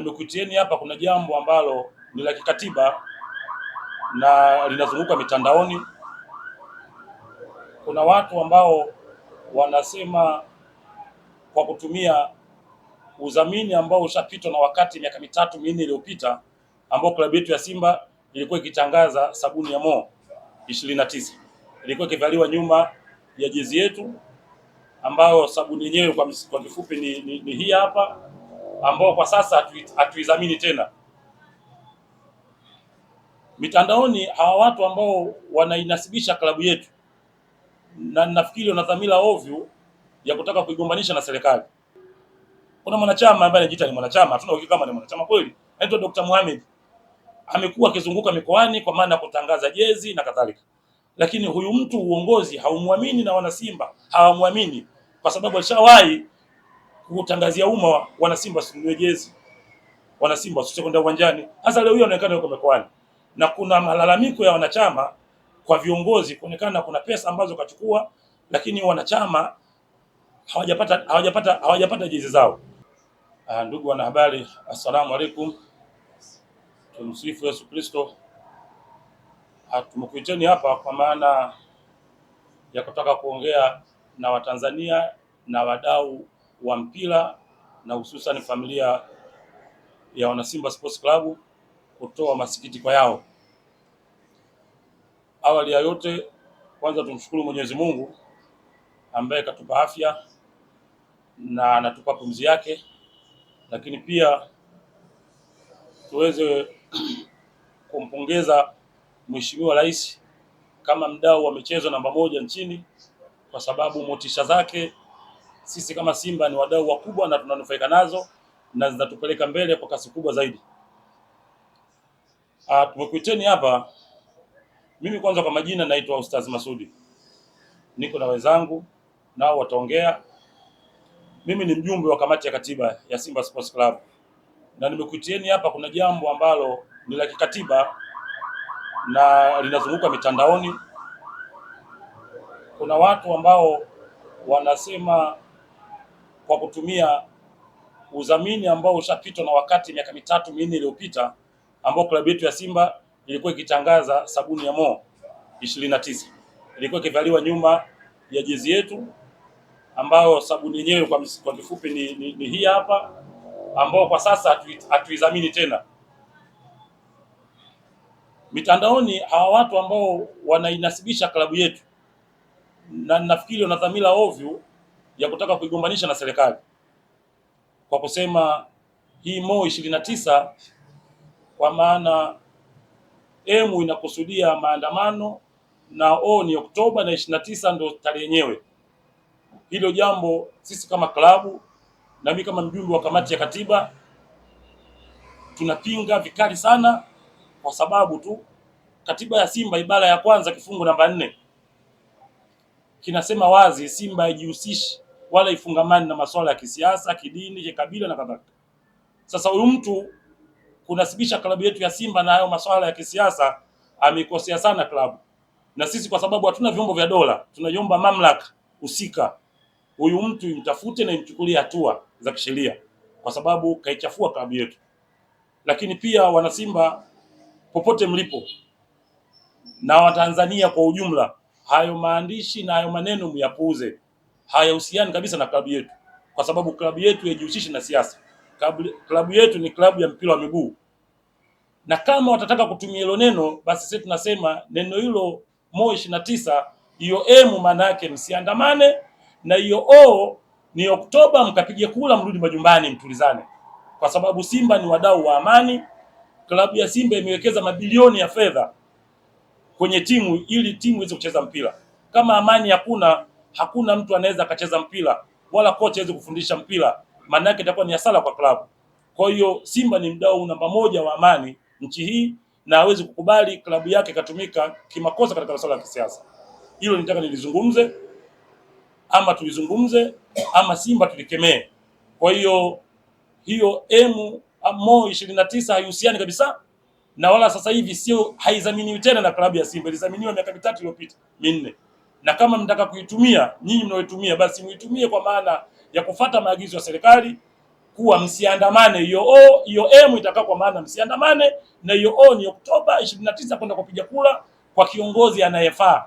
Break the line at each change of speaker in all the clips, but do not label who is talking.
nimekuitieni hapa, kuna jambo ambalo ni la kikatiba na linazunguka mitandaoni. Kuna watu ambao wanasema kwa kutumia udhamini ambao ushapitwa na wakati miaka mitatu minne iliyopita, ambao klabu yetu ya Simba ilikuwa ikitangaza sabuni ya Mo ishirini na tisa ilikuwa ikivaliwa nyuma ya jezi yetu, ambayo sabuni yenyewe kwa, kwa kifupi ni, ni, ni hii hapa ambao kwa sasa hatuidhamini tena mitandaoni. Hawa watu ambao wanainasibisha klabu yetu, na nafikiri wana dhamira ovyo ya kutaka kuigombanisha na serikali. Kuna mwanachama ambaye anajiita ni mwanachama, hatuna uhakika kama ni mwanachama kweli, anaitwa Dr. Mohamed, amekuwa akizunguka mikoani kwa maana ya kutangaza jezi na kadhalika, lakini huyu mtu uongozi haumwamini na wanasimba hawamwamini kwa sababu alishawahi kutangazia umma wanasimba, sinunue jezi wanasimba, sio kwenda uwanjani. Hasa leo hii anaonekana yuko mikoani, na kuna malalamiko ya wanachama kwa viongozi kuonekana kuna pesa ambazo kachukua, lakini wanachama hawajapata hawajapata hawajapata jezi zao. Ah, ndugu wanahabari, assalamu alaikum. Tumsifu Yesu Kristo. Ah, tumekuiteni hapa kwa maana ya kutaka kuongea na Watanzania na wadau wa mpira na hususan familia ya Wanasimba Sports Club kutoa masikitiko yao. Awali ya yote, kwanza tumshukuru Mwenyezi Mungu ambaye katupa afya na anatupa pumzi yake, lakini pia tuweze kumpongeza Mheshimiwa Rais kama mdau wa michezo namba moja nchini kwa sababu motisha zake sisi kama Simba ni wadau wakubwa na tunanufaika nazo na zinatupeleka mbele kwa kasi kubwa zaidi. Ah, tumekuiteni hapa, mimi kwanza kwa majina naitwa Ustaz Masudi, niko na wenzangu nao wataongea. Mimi ni mjumbe wa kamati ya katiba ya Simba Sports Club na nimekuitieni hapa, kuna jambo ambalo ni la kikatiba na linazunguka mitandaoni. Kuna watu ambao wanasema kwa kutumia udhamini ambao ushapitwa na wakati miaka mitatu minne iliyopita, ambao klabu yetu ya Simba ilikuwa ikitangaza sabuni ya Mo 29 ilikuwa ikivaliwa nyuma ya jezi yetu, ambayo sabuni yenyewe kwa, kwa kifupi ni, ni, ni hii hapa, ambao kwa sasa hatuidhamini tena mitandaoni. Hawa watu ambao wanainasibisha klabu yetu na nafikiri wana dhamira ovyu ya kutaka kuigombanisha na serikali kwa kusema hii Mo ishirini na tisa kwa maana emu inakusudia maandamano na o ni Oktoba na ishirini na tisa ndio tarehe yenyewe. Hilo jambo sisi kama klabu na mimi kama mjumbe wa kamati ya katiba tunapinga vikali sana, kwa sababu tu katiba ya Simba ibara ya kwanza kifungu namba nne kinasema wazi, Simba haijihusishi wala ifungamani na masuala ya kisiasa, kidini, kikabila na kadhalika. Sasa huyu mtu kunasibisha klabu yetu ya Simba na hayo masuala ya kisiasa, ameikosea sana klabu, na sisi kwa sababu hatuna vyombo vya dola, tunaiomba mamlaka husika, huyu mtu imtafute na imchukulie hatua za kisheria, kwa sababu kaichafua klabu yetu. Lakini pia wanasimba popote mlipo na Watanzania kwa ujumla, hayo maandishi na hayo maneno myapuuze hayahusiani kabisa na klabu yetu, kwa sababu klabu yetu haijihusishi na siasa. Klabu yetu ni klabu ya mpira wa miguu, na kama watataka kutumia hilo neno, basi sisi tunasema neno hilo mo ishirini na tisa hiyo emu maana yake msiandamane, na hiyo o ni Oktoba, mkapige kula, mrudi majumbani, mtulizane, kwa sababu Simba ni wadau wa amani. Klabu ya Simba imewekeza mabilioni ya fedha kwenye timu ili timu iweze kucheza mpira. Kama amani hakuna, Hakuna mtu anaweza akacheza mpira wala kocha hawezi kufundisha mpira, maana yake itakuwa ni hasara kwa klabu. Kwa hiyo Simba ni mdau namba moja wa amani nchi hii na hawezi kukubali klabu yake ikatumika kimakosa katika masuala ya kisiasa. Hilo nitaka nilizungumze, ama tulizungumze ama Simba tulikemee. Kwa hiyo hiyo M mo 29 na tisa haihusiani kabisa na wala sasa hivi sio, haidhaminiwi tena na klabu ya Simba, ilidhaminiwa miaka mitatu iliyopita minne na kama mtaka kuitumia nyinyi mnaoitumia, basi muitumie kwa maana ya kufata maagizo ya serikali kuwa msiandamane. Hiyo o hiyo m itakaa kwa maana msiandamane, na hiyo o ni Oktoba 29 kwenda kupiga kura kwa kiongozi anayefaa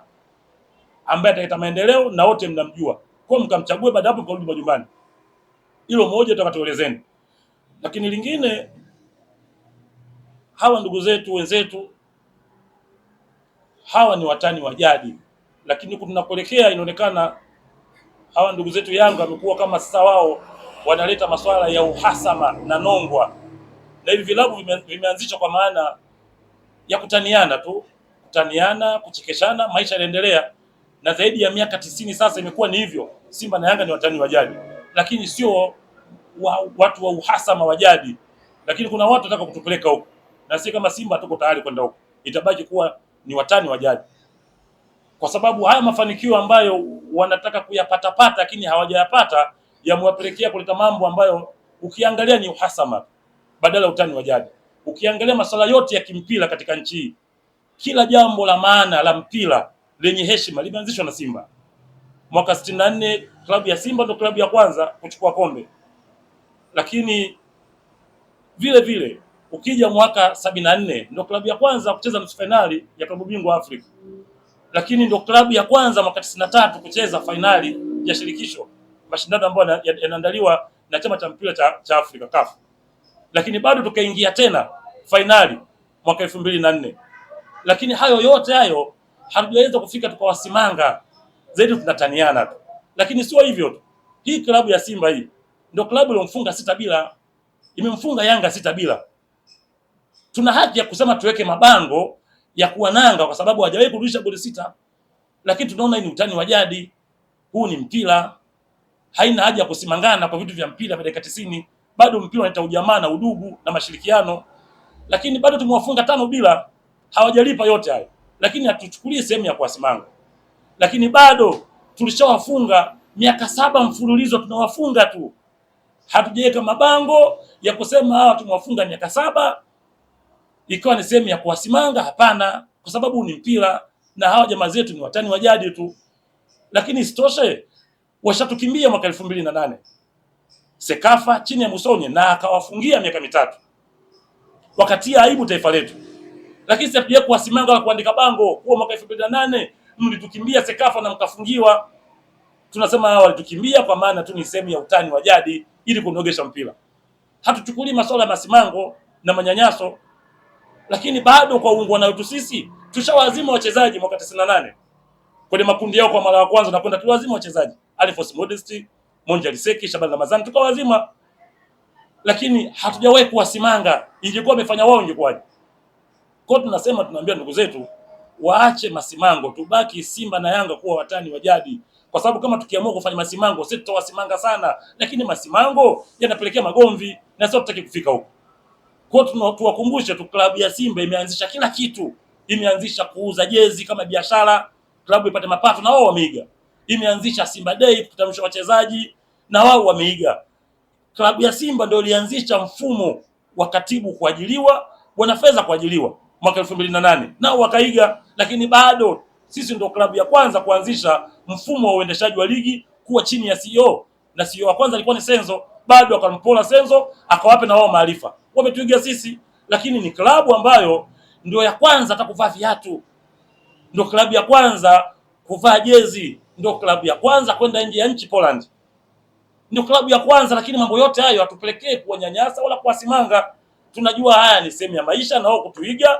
ambaye ataleta maendeleo na wote mnamjua, kwa mkamchague. Baada hapo mkarudi majumbani. Hilo moja tutakatuelezeni, lakini lingine, hawa ndugu zetu wenzetu hawa ni watani wa jadi lakini huku tunakuelekea inaonekana hawa ndugu zetu Yanga wamekuwa kama sasa wao wanaleta masuala ya uhasama na nongwa, na hivi vilabu vimeanzishwa kwa maana ya kutaniana tu, kutaniana, kuchekeshana, maisha yanaendelea. Na zaidi ya miaka tisini sasa imekuwa ni hivyo. Simba na Yanga ni watani wa jadi, lakini sio wa, watu wa uhasama wa jadi, lakini kuna watu wanataka kutupeleka huko, na si kama Simba tuko tayari kwenda huko, itabaki kuwa ni watani wa jadi kwa sababu haya mafanikio ambayo wanataka kuyapatapata lakini hawajayapata yamewapelekea kuleta mambo ambayo ukiangalia ni uhasama badala utani wa jadi. Ukiangalia masuala yote ya kimpira katika nchi hii, kila jambo la maana la mpira lenye heshima limeanzishwa na Simba. Mwaka 64 klabu ya Simba ndio klabu ya kwanza kuchukua kombe, lakini vile vile ukija mwaka 74 ndio klabu ya kwanza kucheza nusu fainali ya klabu bingwa Afrika lakini ndio klabu ya kwanza mwaka tatu kucheza fainali ya shirikisho, mashindano ambayo yanaandaliwa na chama cha mpira cha, cha Afrika CAF. Lakini bado tukaingia tena fainali mwaka elfu mbili na nne, lakini hayo yote hayo hatujaweza kufika tukawasimanga zaidi, tunataniana tu. Lakini sio hivyo tu, hii klabu ya Simba hii ndio klabu iliyomfunga sita bila, imemfunga Yanga sita bila. Tuna haki ya kusema tuweke mabango ya kuwa nanga, kwa sababu hajawahi kurudisha goli sita. Lakini tunaona ni utani wa jadi, huu ni mpira, haina haja ya kusimangana kwa vitu vya mpira vya dakika tisini. Bado mpira unaita ujamaa na udugu na mashirikiano, lakini bado tumewafunga tano bila, hawajalipa yote hayo, lakini hatuchukulie sehemu ya kuwasimanga, lakini bado tulishawafunga miaka saba mfululizo, tunawafunga tu, hatujaweka mabango ya kusema hawa tumewafunga miaka saba ikawa ni sehemu ya kuwasimanga? Hapana, kwa sababu ni mpira na hawa jamaa zetu ni watani wa jadi tu. Lakini isitoshe washatukimbia mwaka elfu mbili na nane Sekafa chini ya Musonye na akawafungia miaka mitatu, wakatia aibu taifa letu. Lakini sasa pia kuwasimanga kuandika bango kuwa mwaka elfu mbili na nane mlitukimbia Sekafa na mkafungiwa. Tunasema hawa walitukimbia kwa maana tu ni sehemu ya utani wa jadi ili kunogesha mpira. Hatuchukulii masuala ya masimango na manyanyaso lakini bado kwa uungwana wetu sisi tushawazima wachezaji mwaka 98 kwenye makundi yao kwa mara ya kwanza, nakwenda tuliwazima wachezaji Alfos Modest, Monja Liseki, Shabani Ramazani tukawazima, lakini hatujawahi kuwa Simanga. Ingekuwa amefanya wao ingekuwaje? Kwa tunasema tunaambia ndugu zetu waache masimango, tubaki Simba na Yanga kuwa watani wa jadi, kwa sababu kama tukiamua kufanya masimango sisi tutawasimanga sana, lakini masimango yanapelekea magomvi na sio tutaki kufika huko. Kwa tuwakumbushe tu, klabu ya Simba imeanzisha kila kitu, imeanzisha kuuza jezi kama biashara, klabu ipate mapato, na wao wameiga. Imeanzisha Simba Day kutamsha wachezaji, na wao wameiga. Klabu ya Simba ndio ilianzisha mfumo wa katibu kuajiliwa, bwana fedha kuajiliwa mwaka elfu mbili na nane nao wakaiga, lakini bado sisi ndio klabu ya kwanza kuanzisha mfumo wa uendeshaji wa ligi kuwa chini ya CEO na CEO wa kwanza alikuwa ni Senzo bado akampona Senzo akawape na wao maarifa. Wametuiga sisi, lakini ni klabu ambayo ndio ya kwanza hata kuvaa viatu, ndio klabu ya kwanza kuvaa jezi, ndio klabu ya kwanza kwenda nje ya nchi Poland, ndio klabu ya kwanza. Lakini mambo yote hayo hatupelekee kuwanyanyasa wala kuwasimanga. Tunajua haya ni sehemu ya maisha na wao kutuiga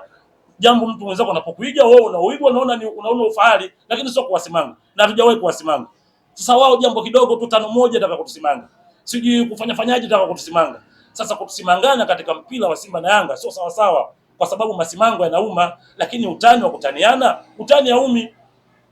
jambo. Mtu mwenzako anapokuiga wewe unaoigwa unaona ni unaona ufahari, lakini sio kuwasimanga, na hatujawahi kuwasimanga. Sasa wao jambo kidogo tu, tano moja, nataka kutusimanga sijui kufanya fanyaje, taka kutusimanga. Sasa kutusimangana katika mpira wa Simba na Yanga sio sawa sawa, kwa sababu masimango yanauma, lakini utani wa kutaniana, utani haumi.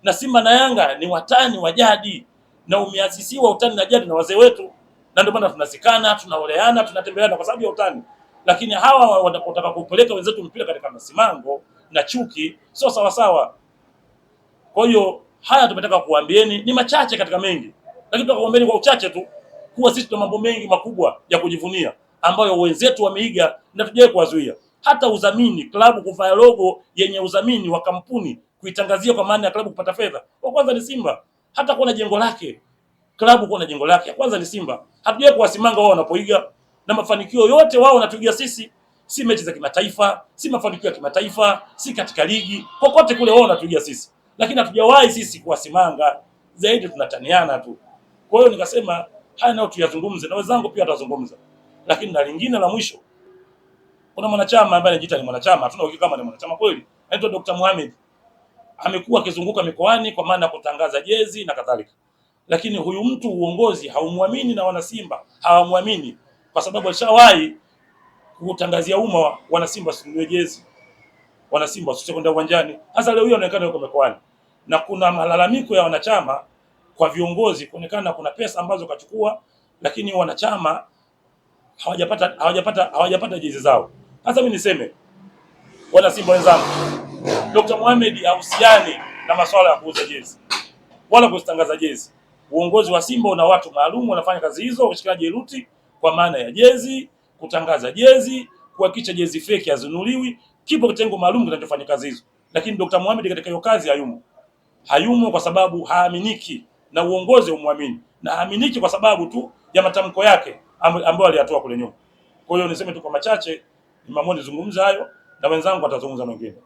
Na Simba na Yanga ni watani wa jadi na umeasisiwa utani na jadi na wazee wetu, na ndio maana tunasikana, tunaoleana, tunatembeleana kwa sababu ya utani. Lakini hawa wanapotaka kupeleka wenzetu mpira katika masimango na chuki, sio sawa sawa. Kwa hiyo haya tumetaka kuambieni ni machache katika mengi, lakini tutakuambieni kwa uchache tu kuwa sisi tuna mambo mengi makubwa ya kujivunia ambayo wenzetu wameiga na tujawahi kuwazuia. Hata udhamini klabu kufanya logo yenye udhamini wa kampuni kuitangazia, kwa maana ya klabu kupata fedha, wa kwanza ni Simba. Hata kuwa na jengo lake klabu kuwa na jengo lake, ya kwanza ni Simba. Hatujawahi kuwasimanga wao wanapoiga, na mafanikio yote wao wanatuiga sisi, si mechi za kimataifa, si mafanikio ya kimataifa, si katika ligi, kokote kule wao wanatuiga sisi, lakini hatujawahi sisi kuwasimanga, zaidi tunataniana tu. Kwa hiyo nikasema Haya nayo tuyazungumze na wenzangu pia atazungumza. Lakini na lingine la mwisho, kuna mwanachama ambaye anajiita ni mwanachama, hatuna uhakika kama ni mwanachama kweli, anaitwa Dr. Mohamed. Amekuwa akizunguka mikoani kwa maana ya kutangaza jezi na kadhalika, lakini huyu mtu uongozi haumwamini na wanasimba hawamwamini kwa sababu alishawahi kutangazia umma wanasimba sinunue jezi, wanasimba usiche kwenda uwanjani. Hasa leo hii anaonekana yuko mikoani na kuna malalamiko ya wanachama kwa viongozi kuonekana kuna pesa ambazo kachukua, lakini wanachama hawajapata hawajapata hawajapata jezi zao. Sasa mimi niseme, wana Simba wenzangu, Dr. Mohamed hahusiani na masuala ya kuuza jezi wala kuzitangaza jezi. Uongozi wa Simba una watu maalum wanafanya kazi hizo, ushikaji ruti kwa maana ya jezi, kutangaza jezi, kuhakikisha jezi feki hazinunuliwi. Kipo kitengo maalum kinachofanya kazi hizo, lakini Dr. Mohamed katika hiyo kazi hayumo, hayumo kwa sababu haaminiki na uongozi umwamini na aminiki kwa sababu tu ya matamko yake ambayo aliyatoa kule nyuma. Kwa hiyo niseme tu kwa machache, nimeamua nizungumza hayo na wenzangu watazungumza mengine.